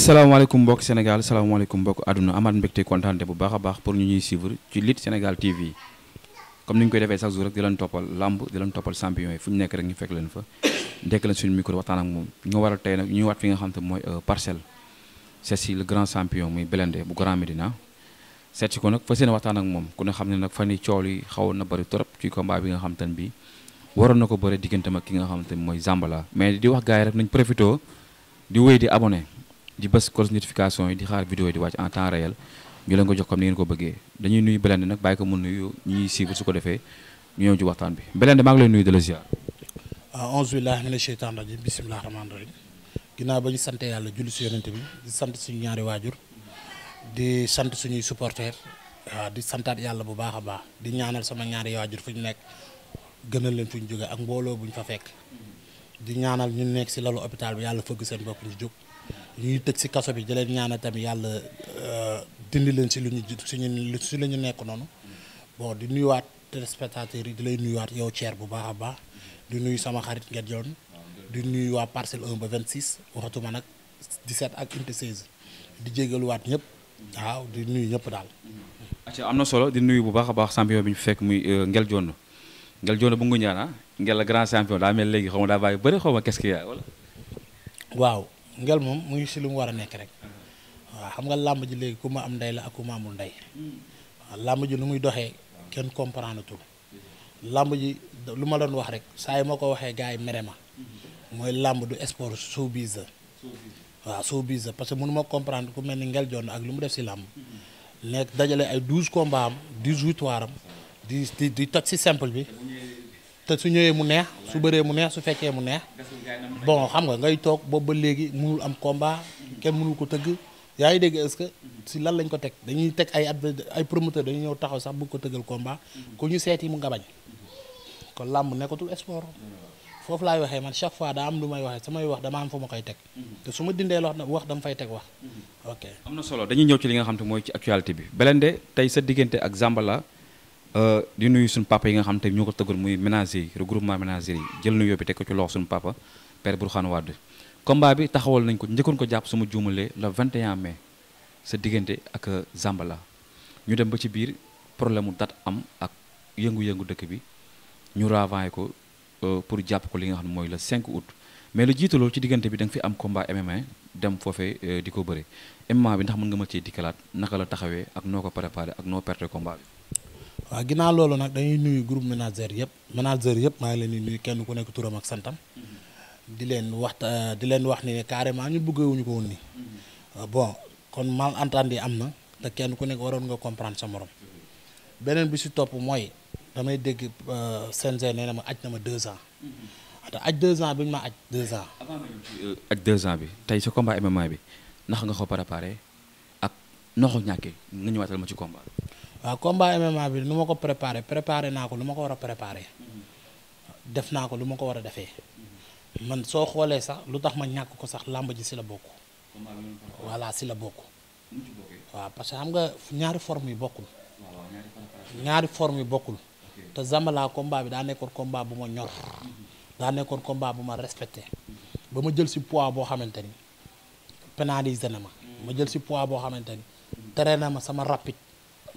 asalaamaaleykum mbokk Sénégal salaamaaleykum mbokk àdduna amaat mbégte kontaante bu baax a baax pour ñu ñuy suivre ci Lutte Sénégal TV comme ni ñu koy defee chaque jour rek di leen toppal lamb di leen toppal champion yi fu ñu nekk rek ñu fekk leen fa dekk leen suñu micro waxtaan ak moom ñu waral tey nag ñu waat fi nga xam mooy euh, parcelle c'est si le grand champion muy Blindé bu Grand Médina seet si ko nag fa seen waxtaan ak moom ku ne xam ne nag fan yi coow yi xawoon na bëri trop ci combat bi nga xam te ne bii waroon na ko bëre diggante ak ki nga xam te mooy Zambala mais di wax gars rek nañ profité di wéy di abonné di bës cloche notification yi di xaar vidéo yi di wàcc en temps réel ñu leen ko jox comme ni ngeen ko bëggee dañuy nuyu Blindé nag bàyyi ko mu nuyu ñuy suivre su ko defee ñu ñëw ci bi Blindé maa ngi lay nuyu de la ziar. auzu ah, billaahi mina sheytaani rajiim ba ñu yàlla julli si yonent bi di sant suñu ñaari waajur di sant suñuy supporters waaw di santaat yàlla bu baax a baax di ñaanal sama ñaari waajur fu ñu nekk gënal leen fu ñu jógee ak mbooloo bu ñu fa fekk di ñaanal ñu nekk si lalu hôpital bi yàlla fëgg seen ñuy tëj si kaso bi di ñaana ñaanal tamit yàlla euh, dindi leen si lu ñu suñu si la ñu nekk noonu bon di nuyuwaat téléspectateurs yi di lay nuyuwaat yow ceer bu baax a baax di nuyu sama xarit Nguet Dione di nuyu waa parcelle 1 ba 26 waxatuma nag 17 ak unité 16 di jégaluwaat ñëpp waaw di nuyu ñëpp daal. acca am na solo di nuyu bu baax a baax champion bi ñu fekk muy euh, ngel Dione Nguet Dione bu Ngoundiane ah Nguet la grand champion daa mel léegi xaw ma daa bàyyi bëri xaw ma qu'est-ce qu'il a wala. waaw. ngel moom mu ngi si lu mu war a nekk rek waaw xam nga làmb ji léegi ku ma am ndey la ak ku ma amul ndey waaw làmb ji lu muy doxee kenn comprendre tout làmb ji lu ma doon wax rek saa yi ma ko waxee gars yi mere ma mooy làmb du sport showbiz la waaw showbiz la parce que mënu ma comprendre ku mel ni ngel joon ak lu mu def si làmb nekk dajale ay douze combats am dix victoires am di di di toj si simple bi te su ñëwee mu neex su bëree mu neex su fekkee mu neex bon xam nga ngay toog boobu ba léegi mënul am combat kenn mënul ko tëgg yaa ngi dégg est si lan lañ ko teg dañuy teg ay adv ay promoteur dañuy ñëw taxaw sax bëgg ko tëggal combat ku ñu seeti mu nga bañ kon làmb nekkatul sport foofu laay waxee man chaque fois daa am lu may waxee samay wax dama am ma koy teg su ma dindee loo wax dama fay teg wax am na solo dañuy ñëw ci li nga xam te mooy ci actualité bi Blindé tey sa diggante ak Zambala Euh, di nuyu suñ papa yi nga xam te ñoo ko tëggoon muy ménager yi regroupement ménager yi jël nu yóbbi teg ko ci loxo suñu papa père Bourkhane Wade combat bi taxawal nañ ko njëkkoon ko jàpp suma juumalee le 21 mai sa diggante ak euh, Zambala ñu dem ba ci biir problème mu date am ak yëngu dëkk bi ñu ko euh, pour jàpp ko li nga xam ne mooy le 5 août mais lu jiitu ci diggante bi da nga fi am combat MMA dem foofee di ko bëre MMA bi ndax mën nga ma cee dikkalaat naka la taxawee ak noo ko préparé ak noo perte combat bi. waaw ginnaaw loolu nag dañuy nuyu groupe manager yëpp manager yëpp maa ngi leen di nuyu kenn ku nekk turam ak santam di leen waxta di leen wax ni carrément ñu bëggewuñu ko woon ni bon kon malentendu am na te kenn ku nekk waroon nga comprendre sa morom beneen bi si topp mooy damay dégg euh, CNG nee na ma aj na ma deux ans te aj deux ans bi ñu ma aj deux ans. Euh, aj deux ans bi tey sa combat MMA bi ndax nga ko préparé ak noxu ñàkkee nga ñëwaatal ma ci combat waaw combat MMA bi nu ma ko préparé préparé naa ko lu ma ko war a préparé def naa ko lu ma ko war a defee man soo xoolee sax lu tax ma ñàkk ko sax làmb ji si la bokk. voilà si la bokk. waaw parce que am nga ñaari forme yu bokkul. ñaari forme yi bokkul. te Zambala combat bi daa nekkoon combat bu ma ñor. daa nekkoon combat bu ma respecté. ba ma jël si poids boo xamante ni pénalisé na ma. ma jël si poids boo xamante ni. tere na ma sama rapide.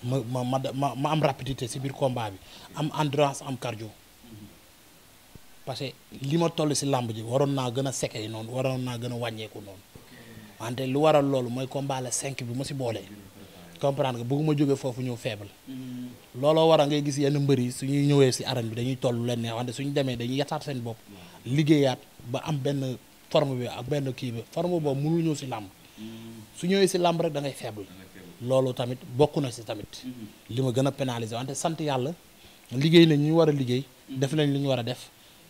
ma ma ma ma am rapidité si biir combat bi am endurance am cardio parce que li ma toll si làmb ji waroon naa gën a sekkee noonu waroon naa gën a wàññeeku noonu wante lu waral loolu mooy combat la cinq bi ma si boole. comprendre nga bëgguma jógee foofu ñëw faible. looloo waral ngay gis yenn mbër yi suñuy ñëwee si arène bi dañuy toll leen ne wante suñu demee dañuy yataat seen bopp. liggéeyaat ba am benn forme bi ak benn kii bi forme boobu mënul ñëw si làmb. su ñëwee si làmb rek da ngay faible. loolu tamit bokk na si tamit mhm. li ma gën a pénaliser wante sant yàlla liggéey nañ ñu war a liggéey mhm. def nañ lu ñu war a def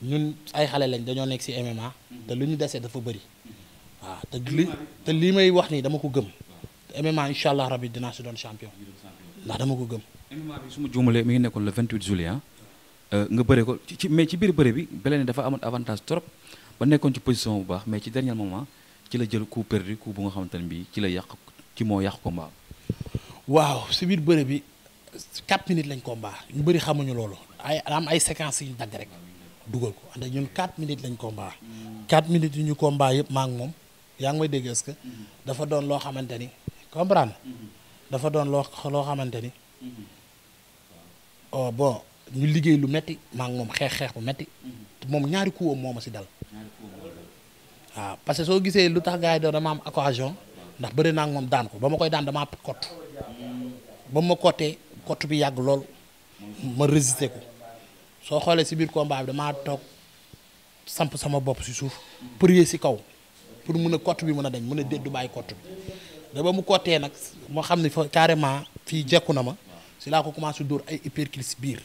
ñun ay xale lañ dañoo nekk si MMA mhm. te lu ñu desee dafa bëri waaw te li te lii may wax nii dama ko gëm te MMA incha allah rabi dinaa si doon champion ndax dama ko gëm MMA bi su ma juumalee mi ngi nekkoon vingt 28 juillet ah. euh, nga bëre ko ci mais ci biir bëre bi Belene dafa amoon avantage trop ba nekkoon ci position bu baax mais ci dernier moment ci la jël coup perdu coup bu nga xamante ne bii ci la yàq ci moo yàq combat waaw si biir bërëb bi quatre minutes lañ combat ñu bëri xamuñu loolu ay am ay séquences yu ñu dagg rek dugal ko a ñun quatre minutes lañ koo mbaa quatre minutes yu ñu combat yëpp maa ngi moom yaa ngi may dégg est que dafa doon loo xamante ni comprendre dafa doon loo loo xamante ni oh bon ñu liggéey lu metti maa ngi moom xeex xeex bu metti moom ñaari coup moom moo si dal waaw parce que soo gisee lu tax gars yi doon am occasion ndax bëri naa moom daan ko ba ma koy daan damaa kott ba mu ma kottee kott bi yàgg lool ma résister ko soo xoolee si biir combat bi damaa toog samp sama bopp si suuf prier si kaw pour mun a kott bi mën a dañ mun a déet bàyyi kott bi da ba mu kottee nag moo xam ne fa carrément fii jekku na ma si laa ko commencé dóor ay hyperclis biir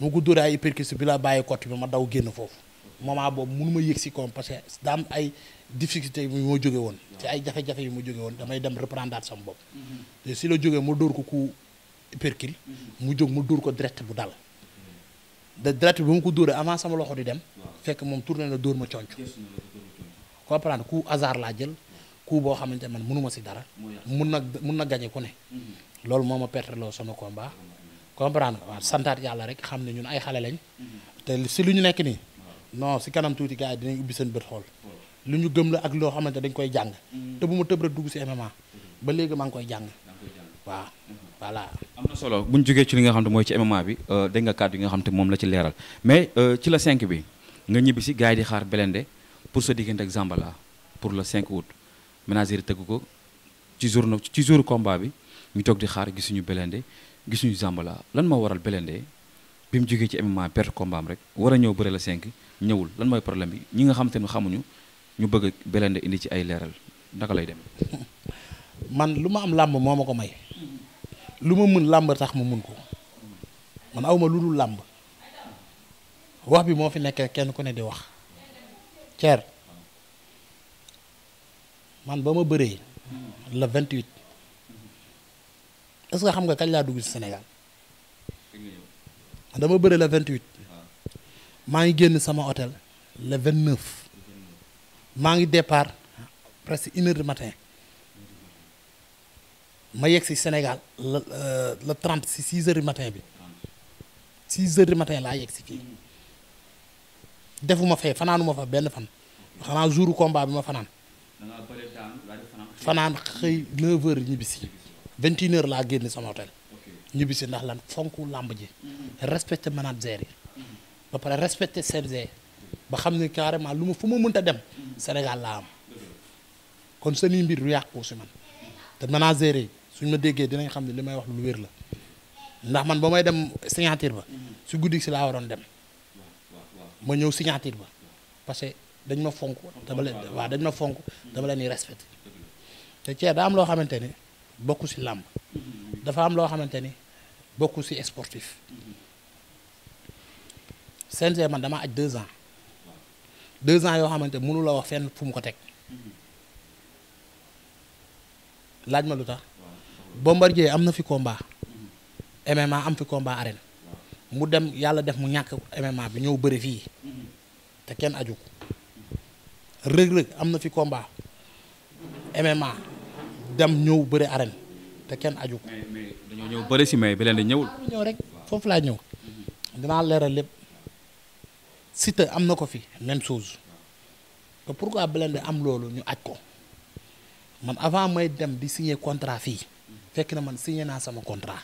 mu ko dóoree ay hyperclis bi la bàyyi kott bi ma daw génn foofu moment boobu mënu ma yëg si koom parce que daam ay difficulté yi moo jóge woon ci ay jafe-jafe yi mu jóge woon damay dem reprendre sama bopp mm-hmm. te si la jógee mu dóor ko ku percule mm-hmm. mu jóg mu dóor ko direct bu dal de direct bi ba mu ko dóoree avant sama loxo di dem fekk moom tourné na dóor ma conc comprendre ku hasard laa jël ku boo xamante man mënuma si dara mun na mun na gañe ku ne mm-hmm. loolu moo ma perte loo sama combat comprendre nga waaw santaat yàlla rek xam ne ñun ay xale lañ te si lu ñu nekk nii non si kanam tuuti gars yi dinañ seen bët xool lu ñu gëm la ak loo xamante dañ koy jàng. Mm. te bu ma tëb rek dugg si MMA. ba léegi maa ngi koy jàng. waa voilà. am na solo bu ñu ci li nga xam te mooy ci MMA bi euh, dégg nga kàddu yi nga xam te moom la ci leeral mais euh, ci la cinq bi nga ñibbi si gars yi di xaar belende pour sa diggante ak Zambala pour le 5 août ménager tëgg ko ci jour ci jour combat bi ñu toog di xaar gisuñu Blindé gisuñu Zambala lan moo waral Blindé bi mu jógee ci MMA perte combat rek war a ñëw bëre la 5 ñëwul lan mooy problème bi ñi nga xam te xamuñu. ñu bëgg Blindé indi ci ay leeral ndaka lay dem man lu ma am làmb moo ma ko may lu ma mën làmb tax ma mën ko man awma lu dul làmb wax bi moo fi nekkee kenn ku ne di wax ceer man ba ma bëree la vingt est-ce que xam nga kañ laa dugg ci Sénégal dama bëre le 28 ah. maa ngi génn sama hôtel le 29 maa ngi départ presque une heure du matin ma yegg si Sénégal le euh, le trente si six heures du matin bi six heures du matin laa yegg si fii defuma fee fanaanuma fa benn fan xanaa jour combat bi ma fanaan fanaan xëy neuf heures ñibbisi vingt une heures laa génn sama hôtel ñibbisi ndax lan fonk làmb ji mm-hmm. respecté manager yi mm-hmm. ba pare respecté CNG ba xam ne carrément lu ma fu ma mënta dem Sénégal laa am kon seni mbir du yàqu si man te managère suñ ma déggee dinañ xam ne li may wax lu wér la ndax man ba may dem signature ba si guddi si laa waroon dem ma ñëw signature ba parce que dañ ma fonk dama leen waaw dañ ma fonk dama leen di respecté te Thier daa am loo xamante ni bokku si làmb dafa am loo xamante ni bokku si sportif CNG man dama aj deux ans deux ans yoo xamante mënu la wax fenn fu mu ko teg laaj ma lu tax Bombardier am na fi combat MMA am fi combat arène mu dem yàlla def mu ñàkk MMA bi ñëw bëri fii te kenn aju rëg-rëg am na fi combat MMA dem ñëw bëri arène te kenn aju. mais dañoo ñëw bëri si mais bi leen di ñëwul. ñëw rek foofu laa ñëw dinaa leeral lépp. Siteu am na ko fi même pour te pourquoi Blindé am loolu ñu aj ko man avant may dem di signer contrat fii fekk na man signé naa sama contrat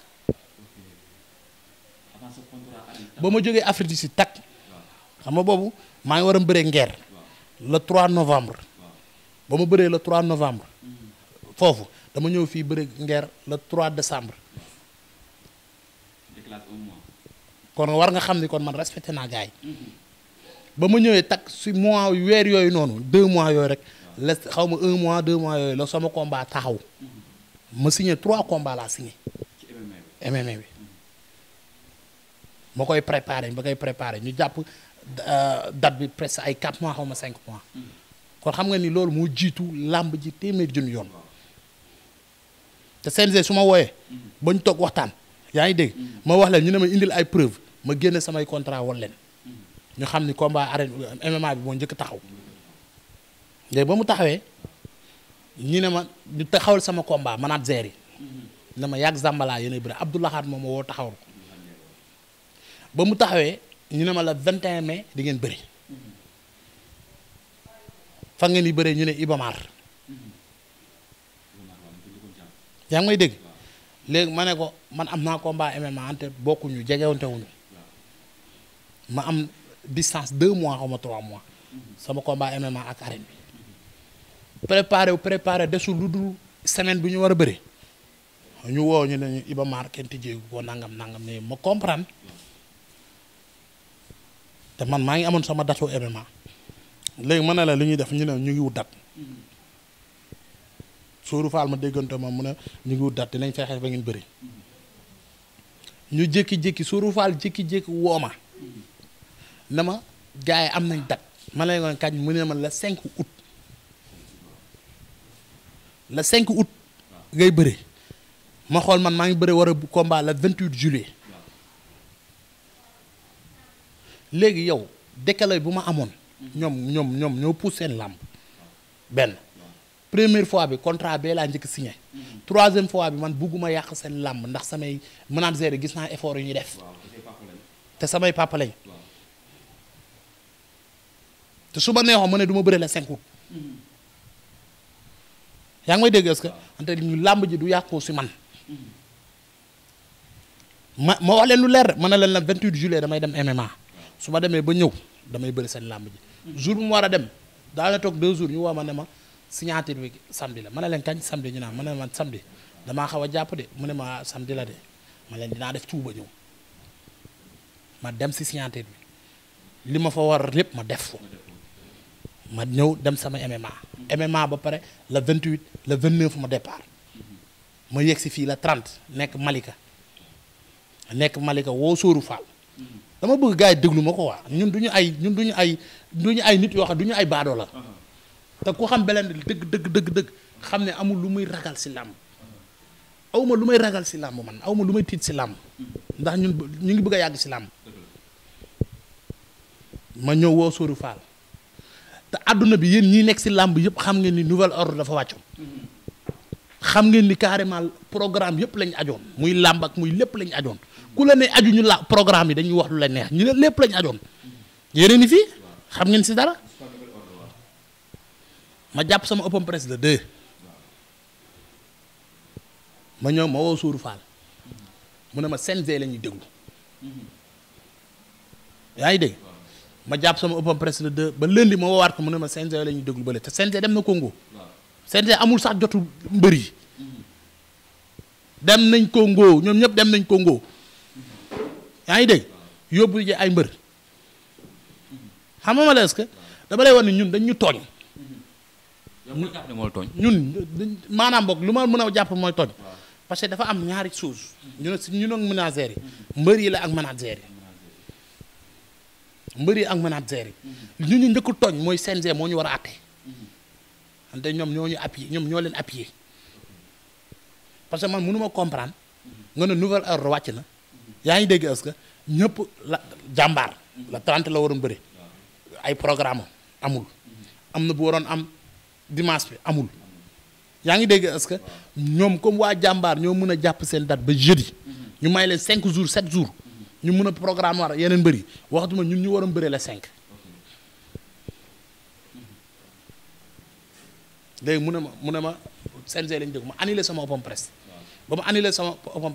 ba ma jógee Afrique du Sud takk xam nga boobu maa ngi war a bëree ngeer le 3 novembre ba ma bëree le 3 novembre foofu dama ñëw fii bëri ngeer le 3 décembre kon war nga xam ni kon man respecté naa gars ba ma ñëwee takk si mois weer yooyu noonu deux mois yooyu rek ah. la xaw ma un mois deux mois yooyu la sama combat taxaw mm-hmm. ma signé trois combats laa signé MMA bi mm-hmm. ma koy préparer ba koy préparé ñu jàpp euh, date bi presque ay quatre mois xaw ma cinq mois mm-hmm. kon xam nga ni loolu moo jiitu làmb ji téeméer junni yoon te CNG su ma wooyee ba ñu toog waxtaan yaa ngi dégg ma wax leen ñu ne ma indil ay preuve ma génne samay contrat wal leen ñu xam ni combat arène MMA bi moo njëkk taxaw léegi ba mu taxawee ñu ne ma ñu taxawal sama combat manaat zeer yi ne ma yàgg Zambala yéen a bëri Abdoulahat moom moo woo taxaw ko ba mu taxawee ñu ne ma la 21 di ngeen bëri fa ngeen di bëree ñu ne Ibamar yaa ngi may dégg léegi ma ne ko man am naa combat MMA ante bokkuñu jegewante ma am distance de mois xaw ma trois mois sama combat MMA ak arène bi préparé wu préparé desul lu dul semaine bi ñu war a bëri ñu woo ñu ne ñu Iba Mar kenn tijjeegu ko nangam nangam ne ma comprendre te man maa ngi amoon sama datu ma léegi mën na la li ñuy def ñu ne ñu ngi wut dat sóoru faal ma déggante ma mu a ñu ngi wut dat dinañ fexe ba ngeen bëri ñu jékki-jékki sóoru faal jékki-jékki wooma na ma gars yi am nañ date ma ne ko kañ mu ne ma la 5 août la 5 août ngay bëre ma xool man maa ngi bëre war a combat la 28 juillet léegi yow décalage bu ma amoon. ñoom ñoom ñoom ñoo pousse seen làmb benn. première fois bi contrat bee laa njëkk signé troisième fois bi man bugguma yàq seen làmb ndax samay manager gis naa effort yu ñuy def te samay papa te su ma neexoon ma ne duma ma bëre la cinq août yaa ngi may dégg est ante que ñu làmb ji du yàqu si man ma ma wax leen lu leer man na leen la 28 juillet damay dem MMA su ma demee ba ñëw damay bëri seen làmb ji jour bu mu war a dem daana toog deux jours ñu woo ma ne ma signature bi samedi la ma ne leen kañ samedi ñu naan ma ne ma samedi damaa xaw a jàpp de mu ne ma samedi la de ma leen dinaa def tuuba ñëw ma dem si signature bi li ma fa war lépp ma def ma ñëw dem sama MMA. MMA ba pare la le 28 le 29 ma départ ma yegg si fii la trent nekk Malika nekk Malika woo Sóoru Fall. dama bëgg gars yi déglu ma ko wax ñun du ñu ay ñun du ay du ay nit yoo xam du ñu ay baadoo la. te ku xam Belende dëgg dëgg dëgg xam ne amul lu muy ragal si làmb aw ma lu may ragal si làmb man aw ma lu may tiit si làmb ndax ñun ñu ngi bëgg a yàgg si làmb ma ñëw woo Sóoru Fall. te àdduna bi yéen ñii nekk si làmb yëpp xam ngeen ni nouvel ordre dafa wàccoon xam ngeen ni carrément programme yëpp lañ ajoon muy làmb ak muy lépp lañuy ajoon ku la ne aju ñu la programme yi dañuy wax lu la ñu ne lépp lañ ajoon yeneen ni fii xam ngeen si dara ma jàpp sama open press de deux ma ñëw ma woo Sour Fall mu ne ma CNG la ñuy déglu yaa ngi ma jàpp sama open presse de 2 ba lundi ma woowaat ko mu a ma CNG la ñuy déglu bële te CNG dem na Congo. CNG amul sax jotu mbër yi. dem nañ Congo ñoom ñëpp dem nañ Congo. yaa ngi dégg yóbbu ji ay mbër. xam nga ma la est-ce que dama lay wax ni ñun dañ tooñ. ñun maanaam boog lu ma mën a jàpp mooy tooñ. parce que dafa am ñaari chose ñu ne si ñun ak managers yi. mbër yi la ak managers yi. mbër yi ak manager yi. ñu mm-hmm. ñu njëkk tooñ mooy CNG moo ñu war a àtte. wante mm-hmm. ñoom ñoo ñu appuyé ñoom ñoo leen appuyé parce que man mënu ma mm-hmm. nga ne nouvelle heure wàcc na yaa ngi dégg est-ce ñëpp la jàmbaar. la 30 la waroon bëre. ay programme amul. am na bu waroon am dimanche bi amul. yaa ngi dégg est que ñoom comme waa jàmbaar ñoo mën a jàpp seen date ba jeudi. ñu may leen 5 jours 7 jours. ñu mun a programme war yeneen bëri waxtuma ñun ñu waroon bëri la cinq léegi mu ne ma mu ma CNG lañ dégg ma annulé sama open ma annulé sama open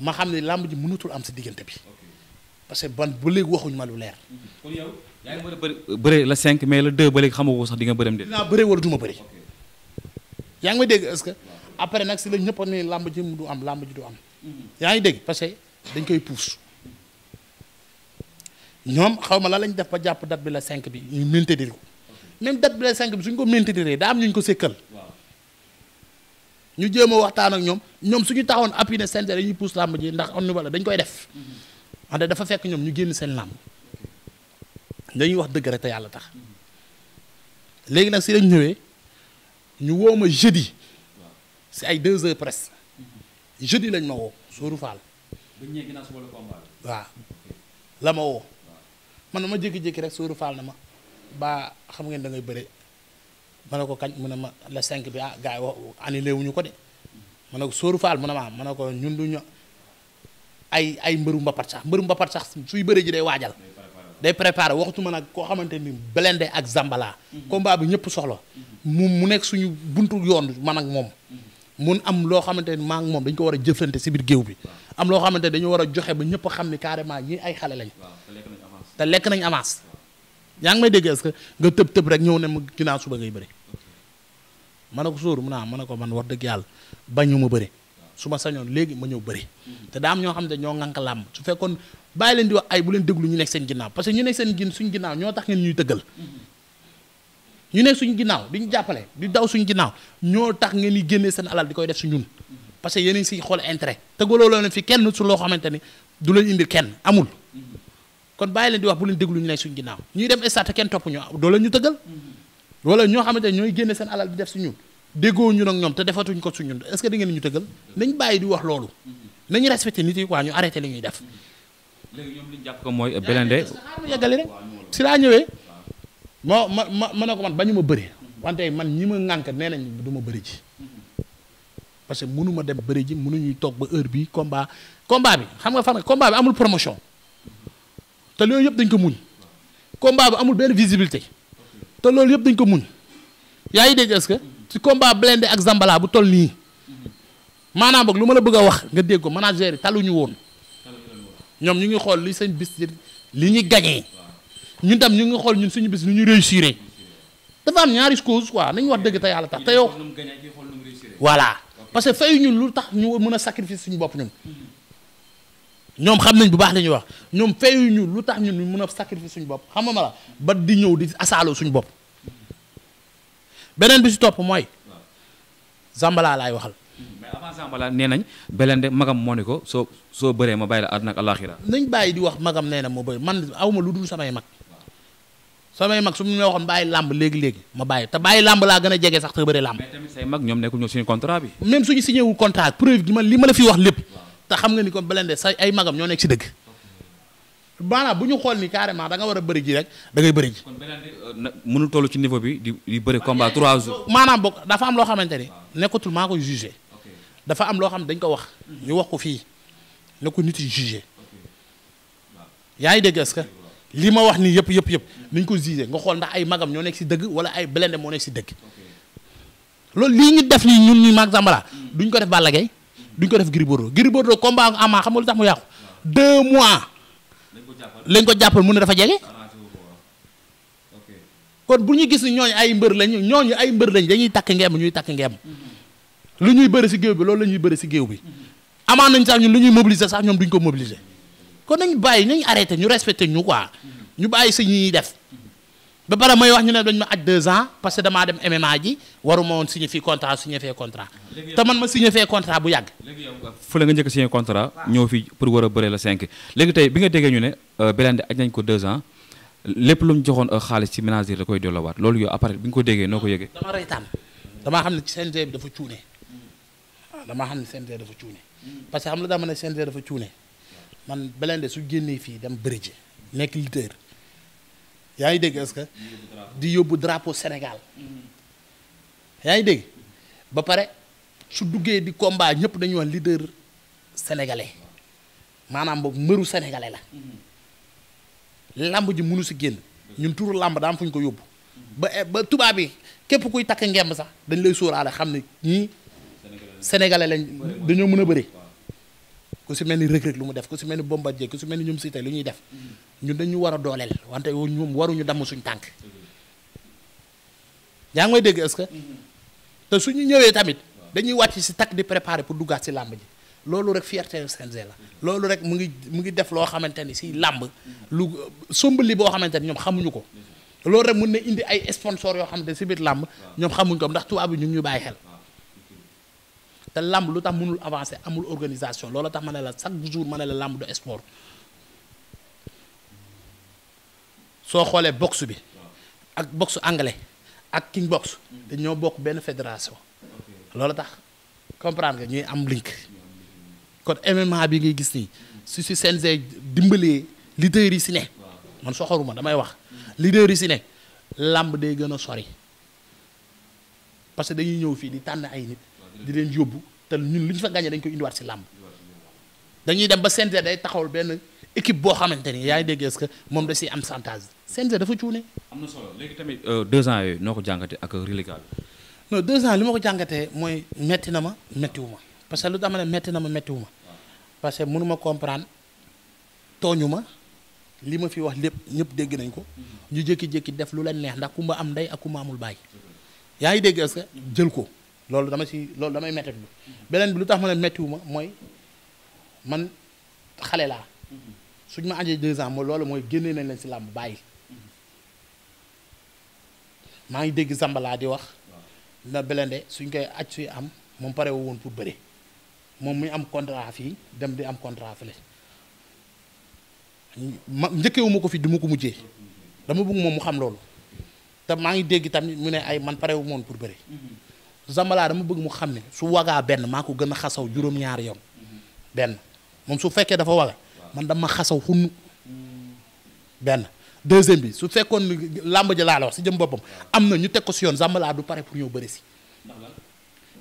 ma xam ne làmb ji mënatul am si diggante bi parce que ban ba léegi waxuñu ma lu leer. kon yow a bëri bëri la 5 mais la 2 ba léegi xamoo ko sax di nga bëreem de. dinaa bëri wala du yaa ngi may dégg est-ce que après nag la ñëpp a ne làmb am làmb ji du am. Mhm. yaa ngi dégg parce dañ koy puus ñoom xaw ma la lañ def ba jàpp date bi la 5 bi ñu maintenir ko même date bi la 5 bi suñ ko maintenir daa am ñu ñu ko sékkal ñu jéem a waxtaan ak ñoom ñoom suñu taxoon appui ne seen ñu puus làmb ji ndax am na wala dañ koy def wante dafa fekk ñoom ñu génn seen làmb dañuy wax dëgg rek te yàlla tax léegi nag si lañ ñëwee ñu woo ma jeudi si ay 2 heures presse jeudi lañ ma woo Sourou Fall. waa la ma woo man na ma jékki-jékki rek suuru faal na ma baa xam ngeen dangay ngay bëre ma ne ko kañ mën ne ma la cinq bi ah gars yi wax annulé wuñu ko de ma ne ko sóoru faal mu na ma ah. mën ne ko ñun du ñu ay ay mbëru mbapat sax mbëru mbapat sax suy bëre ji day waajal day préparé waxtuma nag koo xamante ni Blindé ak Zambala mhm. combat bi ñëpp soxla mhm. mu mu nekk suñu buntu yoon ma ak moom mhm. mun am loo xamante ni maa ngi moom dañ ko war a jëflante si biir géew bi am loo xamante dañu war a joxe ba ñëpp a xam ni carrément ñi ay xale lañ te lekk nañ avance yaa ngi may dégg est-ce nga tëb tëb rek ñëw ne ma ginnaaw suba ngay bëri ma ne ko sóor mu naa ma ne ko man wax dëgg yàlla bañu ma bëri su ma sañoon léegi ma ñëw bëri mhm. te daa am ñoo xam ne ñoo ngànk làmb su fekkoon bàyyi leen di wax ay bu leen déglu ñu nekk seen ginnaaw parce que ñu nekk seen gin suñ ginnaaw ñoo tax ngeen ñuy tëggal mhm. ñu ne suñu ginnaaw di ñu jàppale di daw suñu ginnaaw ñoo tax ngeen di génnee seen alal di koy def si ñun parce que yéen a ngi siy xool intérêt tëgaloo leen kenn su loo xamante du leen indil kenn amul kon bàyyi leen di wax bu leen déglu ñu ne suñu ginnaaw ñuy dem stade kenn topp ñu doo leen ñu tëggal wala ñoo xamante ne ñooy génne seen alal di def su ñun déggoo ñun ak ñoom te defatuñ ko su ñun est-ce que ngeen ñu tëggal nañ bàyyi di wax loolu nañu respecté nit yi waa ñu arrêté li ñuy def léegi ñoom ñu jàpp ko mooy Blindé si laa ñëwee moo ma ma ma ne ko man bañu ma bëri wante man ñi ma ŋànk nee nañ du ma bëri ji parce que mënu ma dem bëri ji mënuñuy toog ba heure bi combat combat bi xam nga fan combat bi amul promotion te loolu yëpp dañ ko muñ combat bi amul benn visibilité te loolu yëpp dañ ko muñ yaa ngi dégg est-ce que ci combat blindé ak Zambala bu toll nii maanaam boog lu ma la bëgg a wax nga dégg ko manager yi taluñu woon ñoom ñu ngi xool li seen bis li ñu gañee ñun tam ñu ngi xool ñun suñu bis nu ñu réussir dafa am ñaari cause waa nañu wax dëgg te yàlla tax te yow voilà parce que fayu ñun lu tax ñu mën a sacrifice suñu bopp ñun ñoom xam nañ bu baax li ñuy wax ñoom fayu lu tax ñun ñu mën a sacrifice suñu bopp xam ma la ba di ñëw di asaaloo suñu bopp beneen bi si topp mooy Zambala laay waxal. mais avant Zambala nee nañ Belende magam moo ni ko soo soo bëree ma bàyyi la àdduna ak nañ bàyyi di wax magam nee na moo bëri man awma lu dul samay mag. samay mag su ma waxoon bàyyi làmb léegi-léegi ma bàyyi te bàyyi làmb laa gën a jege sax te bëre làmb. mais tamit say ñoom nekkul ñoo signé contrat bi. même suñu signé wu contrat preuve la fi wax lépp. te xam nga ni ko Blindé say ay magam ñoo nekk si dëgg. maanaam bu ñu xool ni carrément da nga war a bëri ji rek da bëri ji. kon euh, toll ci niveau bi di di bëri combat trois jours. maanaam boog dafa am loo xamante ni nekkatul maa koy jugé. dafa am loo xam dañ ko wax. ñu wax ko fii ne ko nit yi jugé. yaa ngi dégg est-ce li ma wax nii yëpp yëpp yëpp nañ ko jugé nga xool ndax ay magam ñoo nekk si dëgg wala ay Blindé moo nekk si dëgg loolu lii ñu def ñu ñun ñi maag duñ ko def Balla Gaye duñ ko def Gris Bordeaux Gris Bordeaux combat ama ah, xam nga lu tax mu yàqu deux mois lañ ko jàppal mu ne dafa jege kon bu ñu gis ni ñooñu ay mbër lañ ñooñu ay mbër lañ dañuy takk ngeem ñuy takk ngeem lu ñuy bëri si géew bi loolu la ñuy bëri si géew bi amaan nañ sax ñun lu ñuy mobiliser sax ñoom duñ ko mobiliser kon nañ bàyyi nañ arrêté ñu respecté ñu quoi ñu bàyyi si ñuy def ba pare may wax ñu ne dañ ma aj deux ans parce que damaa dem MMA ji waruma woon signé fii contrat signé fee contrat te man ma signé fee contrat bu yàgg léegi fu la nga njëkk signé contrat ñëw fi pour war a bëre la cinq léegi tey bi nga déggee ñu ne euh, Blindé aj nañ ko deux ans lépp lu joxoon euh, xaalis ci ménager da koy delloowaat loolu yow après bi nga ko déggee noo ko yëgee dama reytaan damaa xam ne bi dafa cuune ah, damaa xam ne CNG dafa cuune hmm. parce que xam la daa ma ne CNG dafa cuune man Blindé su génnee fii dem bëri ci nekk lutteur yaa ngi dégg est di yóbbu drapeau Sénégal mm-hmm. yaa ngi dégg ba pare su duggee di combat ñëpp dañuy wax leader sénégalais maanaam boobu mëru sénégalais la mm-hmm. lamb ji mënu si génn ñun tuuru làmb daam fu ñu ko yóbbu mm-hmm. ba eh, ba tubaab yi képp kuy takk ngemb sax dañ lay sóoraale xam ne ñii sénégalais lañ dañoo mën a bëri ku si mel ni rëg-rëg lu mu def ku si mel ni bombardier ku si mel ni ñoom si tey lu ñuy def ñun dañu war a dooleel wante ñoom waruñu dama suñ tànk yaa ngi may dégg est-ce que te ñëwee tamit dañuy wàcc si takk di préparer pour duggaat si làmb ji loolu rek fierté CNG la loolu rek mu ngi mu ngi def loo xamante ni si làmb lu sombali boo xamante ni ñoom xamuñu ko loolu rek mun na indi ay sponsor yoo xam xamante si biir làmb ñoom xamuñ ko ndax tubaab bi ñu ngi ñu bàyyi xel te làmb lu tax mënul avancer amul organisation loolu tax ma ne la chaque jour ma ne la làmb du sport soo xoolee boxe bi ak boxe anglais ak king boxe te ñoo bokk benn fédération loolu tax comprendre nga ñuy am link kon MMA bi ngay gis nii si si CNG dimbalee leader yi si ne man soxoruma damay wax leader yi si ne làmb day gën a sori parce que dañuy ñëw fii di tànn ay nit di leen yóbbu te ñun lu ñu fa gagné dañ ko indiwaat si làmb dañuy dem ba CNG day taxawul benn équipe boo xamante ni yaa ngi dégg est moom da siy am chantage CNG dafa cuune. am na solo léegi euh, deux ans yooyu noo ko jàngatee ak reliquat bi. non deux ans li ma ko jàngatee mooy metti na ma méttiwu parce que lu tax ma ne metti na ma méttiwu parce que mënu ma comprendre tooñu ma li ma fi wax lépp ñëpp dégg nañ ko mm-hmm. ñu jékki-jékki def lu leen neex ndax ku am ndey ak ku amul baay yaa ngi dégg est jël ko. loolu dama si loolu damay métti lu beneen bi lu tax ma ne méttiwuma mooy man xale laa suñ ma àndee deux ans loolu mooy génnee nañ leen si làmb bàyyi maa ngi dégg Zambala di wax na Blindé suñ koy aj suy am moom pare woon pour bëre moom muy am contrat fii dem di am contrat fële ma njëkkewuma ko fi du ma ko mujjee dama bëgg moom mu xam loolu te maa ngi dégg tamit mu ne ay man pare woon pour bëre Zambala dama bëgg mu xam ne su wagaa benn maa ko gën a xasaw juróom-ñaari yoon benn moom su fekkee dafa waga man dama xasaw xunn benn deuxième bi su fekkoon làmb ji laa la wax si jëm boppam am na ñu teg ko si yoon Zambala du pare pour ñëw bëri si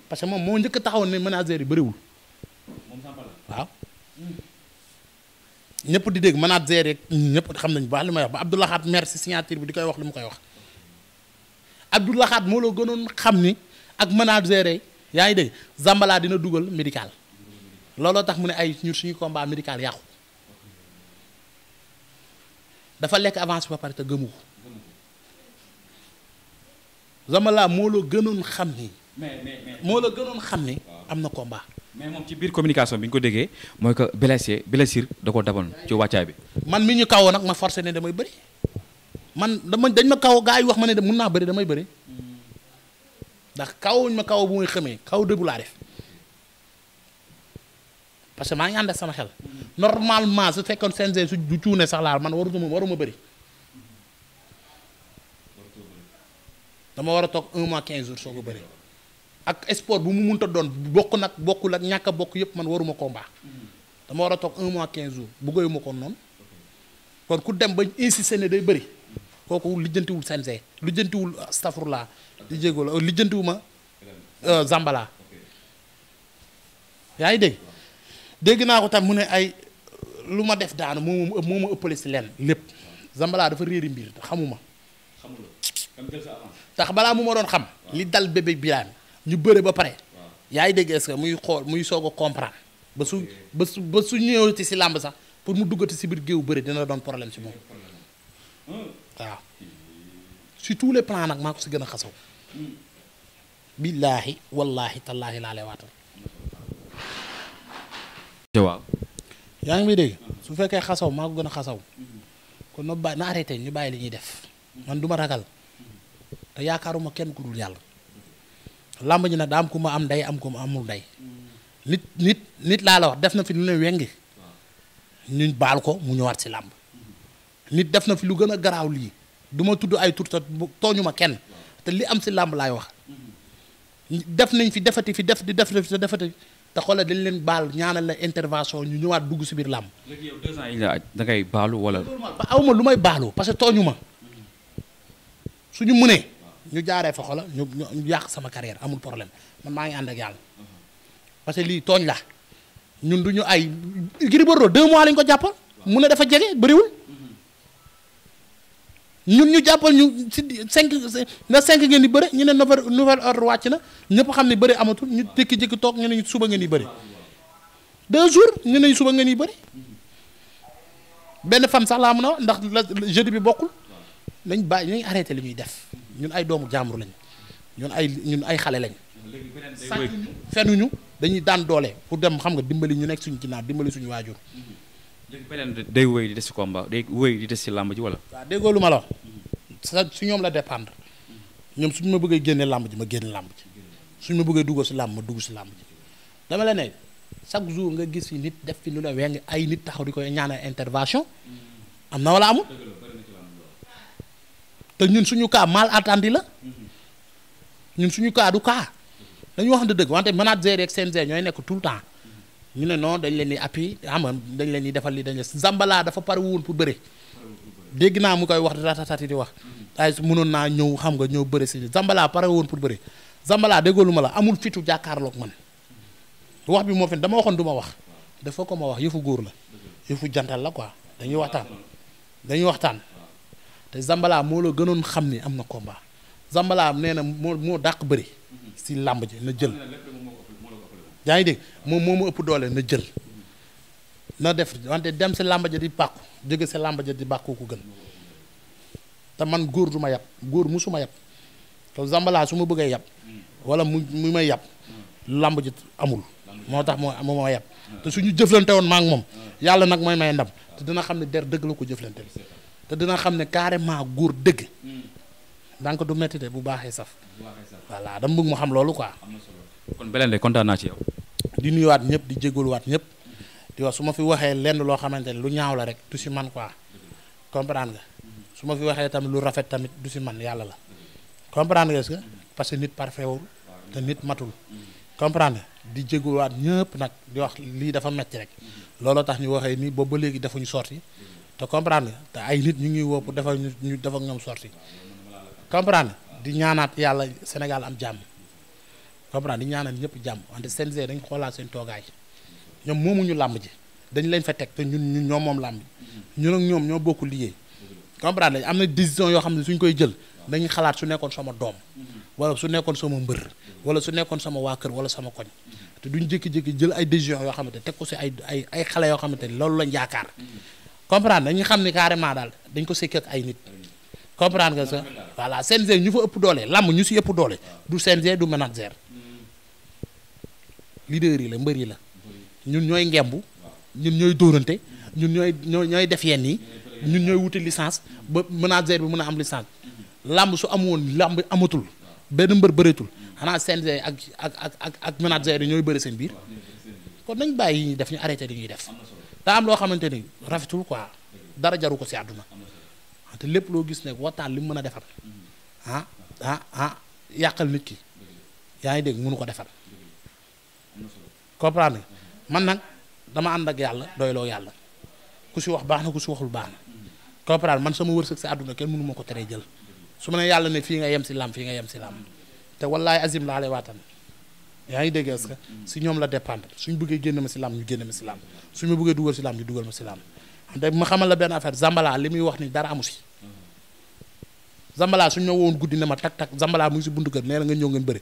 parce que moom moo njëkk taxaw ne manager yi bëriwul waaw ñëpp di dégg manager yeeg ñëpp xam nañu baax li may wax ba Abdou Lahat mer si signature bi di koy wax li mu koy wax Abdou Lahat moo la gënoon xam ni. ak manager yaa ngi de Zambala dina dugal médical looloo tax mu ne ay ñun suñu combat médical yàqu dafa lekk avance ba pare te gëmu ko Zambala moo la gënoon xam ni. mais mais moo la gënoon xam ni am na combat. mais moom ci biir communication bi ñu ko déggee mooy que blessé blessure da ko daboon ci wàccaay bi. man mi ñu kawoo nag ma forcé ne damay bari man dama dañ ma kawoo gars yi wax ma ne de mun naa bëri damay bari ndax kawuñ ma kaw bu muy xamee kaw dëggu laa def parce que maa ngi ànd ak sama xel normalement su fekkoon CNG su du cuune sax laal man warutuma waruma bëri dama war a toog un mois quinze jours soo ko bëri ak sport bu mu munta doon bokk nag bokkul ak ñàkk bokk yëpp man waruma combat dama war a toog un mois quinze jours bëggayuma ko noonu kon ku dem ba insister ne day bëri kooku lijjantiwul CNG lijjantiwul stafurla di jégalu lijjantiwuma euh, Zambala yaa ngi dégg dégg naa ko tam mu ne ay lu ma def daanu moo ma moo ma ëppale si lenn lépp Zambala dafa réeri mbir xamuma tax balaa mu ma doon xam li dal bébé bilaam ñu bëre ba pare yaa ngi dégg est muy xool muy soog a comprendre ba su ba su ba su ñëwati si làmb sax pour mu duggati si biir géew bëri dina doon problème si moom waaw sur tous les plans nag maa ko si gën a xasaw billaahi wallaahi tallaahi laa lay waatal. yaa ngi may dégg su fekkee xasaw maa ko gën a xasaw kon na bàyyi na arrêté ñu bàyyi li ñuy def man du ma ragal te yaakaaruma kenn ku dul yàlla làmb ñi nag daa am ku ma am ndey am ku ma amul ndey nit nit nit laa la wax def na fi lu ne wengi ñu baal ko mu ñëwaat ci làmb nit def na fi lu gën a garaaw lii du ma tudd ay tur te kenn te li am si làmb laay wax def nañ fi defati fi def di def fi defati te xoolal dañ leen baal ñaana la intervention ñu ñëwaat dugg si biir làmb. léegi da ngay baalu wala. ba aw ma lu may baalu parce que tooñu ma suñu mënee ñu jaaree fa xoolal ñu ñu yàq sama carrière amul problème man maa ngi ànd ak yàlla parce que lii tooñ la ñun du ñu ay Gris Bordeaux deux mois lañ ko jàppal. mun a dafa jege bëriwul. ñun ñu jàppal ñu si cinq na cinq ngeen di bëri ñu ne nouvelle nouvelle ordre wàcc na ñëpp xam ne bëri amatul ñu jékki-jékki toog ñu ne ñu suba ngeen di bëri deux jours ñu ne ñu suba ngeen di bëri benn fam sax laa mën a ndax la jeudi bi bokkul nañ bàyyi nañ arrêté li ñuy def ñun ay doomu jaambur lañ ñun ay ñun ay xale lañ. sànq ñu fenuñu dañuy daan doole pour dem xam nga dimbali ñu nekk suñu ginnaaw dimbali suñu waajur. day wéy di des si combat day wéy di des si làmb ji wala. waaw déggoo lu ma la wax. sa si ñoom la dépendre. ñoom suñu ma bëggee génne làmb ji ma génn làmb ji. suñu ma bëggee duggoo si làmb ma dugg si làmb ji. dama la ne chaque jour nga gis fi nit def fi lu ne weng ay nit taxaw di koy ñaanal intervention. am na wala amul. te ñun suñu cas mal attendi la. ñun suñu cas du cas. dañu waxante dëgg wante manager ak e CNG ñooy nekk tout le temps. ñu ne non dañ leen di appui xam dañ leen di defal li dañ sambalaa dafa pare woon pour bëre dégg naa mu koy wax ratatati di wax ay mënoon naa ñëw xam nga ñëw bëre si sambalaa pare woon pour bëre sambalaa déggoo lu ma la amul fitu jàkkaarloog man wax bi moo fi dama waxoon du ma wax dafa ko ma wax yëfu góor la yëfu jantal la ko dañuy waxtaan dañuy waxtaan te sambalaa moo la gënoon xam ni am na combat sambalaa nee na moo moo dàq bëri si làmb ji na jël. yaa ngi dégg moom moo ma ëpp doole na jël na def wante dem si làmba ja di bàkku jóge si làmba di bàkku ko gën te man góor du ma yab góor musuma yab te su ma bëggee yab wala mu mu may yab amul moo tax moo moo ma yab te suñu jëflante woon maa moom yàlla nag mooy may ndam te dina xam ne der dëgg la ko jëflante te dana xam ne carrément góor dëgg hmm. donc du métti bu baaxee saf voilà dama bëgg mu xam loolu quoi kon Blindé kontaan naa ci yow. di nuyuwaat ñëpp di jégaluwaat ñëpp di wax su ma fi waxee lenn loo xamante ne lu ñaaw la rek du si man quoi comprendre nga su ma fi waxee tamit lu rafet tamit du si man yàlla la comprendre nga est-ce que parce que nit parfait wul te matul comprendre di jégaluwaat ñëpp nag di wax lii dafa metti rek looloo tax ñu waxee nii boobu ba léegi dafa ñu sorti te comprendre nga te ay nit ñu ngi woo dafa defal ñu def ak ñoom sorti comprendre di ñaanaat yàlla Sénégal am jàmm. comprendre di ñaanal ñëpp jàmm wante CNG dañ xoolaat seen toogaay ñoom moomuñu làmb ji dañ leen fa teg te ñun ñoom moom làmb ji ñoom ñoo bokku liggéey comprendre lañ am na décision yoo xam ne suñ koy jël dañuy xalaat su nekkoon sama doom wala su nekkoon sama mbër wala su nekkoon sama waa kër wala sama koñ te duñ jékki jël ay décision yoo xamante teg ko si ay ay xale yoo xamante ni loolu lañ yaakaar comprendre dañuy xam ni carrément daal dañ ko sekk ak ay nit comprendre nga ça voilà CNG ñu fa ëpp doole làmb ñu si ëpp doole du CNG du manager leader yi la mbër yi la ñun ñooy ngemb ñun ñooy dóorante ñun ñooy ñooy ñooy def yenn yi ñun ñooy wuti licence ba manager bi mën a am licence làmb su am woon làmb amatul benn mbër bëreetul xanaa CNG ak ak ak ak ak manager yi ñooy bëri seen biir kon nañ bàyyi yi ñuy def ñu arrêté li ñuy def daa am loo xamante ni rafetul quoi dara jaru ko si àdduna te lépp loo gis ne waxtaan li mu mën a defar ah ah, ah yàqal nit ki yaa ngi dégg mënu ko defar comprendre nga man nag dama ànd ak yàlla doyloo yàlla ku si wax baax na ku si waxul baax na comprendre man sama wërsëg si àdduna kenn mënu ma ko teree jël su ma ne yàlla ne fii nga yem si lam fii nga yem si lam te wallaay azim laa lay waatan yaa ngi dégg est-ce que si ñoom la dépendre suñu bëggee génn ma si lam ñu ma si lam suñu bëggee dugal si lam ñu dugal ma si lam te ma xamal la benn affaire Zambala li muy wax ni dara amu si Zambala suñu ñëw woon guddi ne ma tak tak Zambala mu si buntu kër nee na nga ñëw ngeen bëri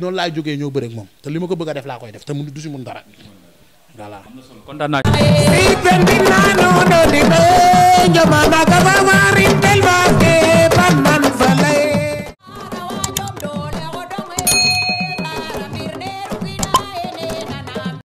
noonu laay jógee ñëw bëreek moom te li ma ko bëgg a def laa koy def te mu du si mun dara voilà. kontaan naa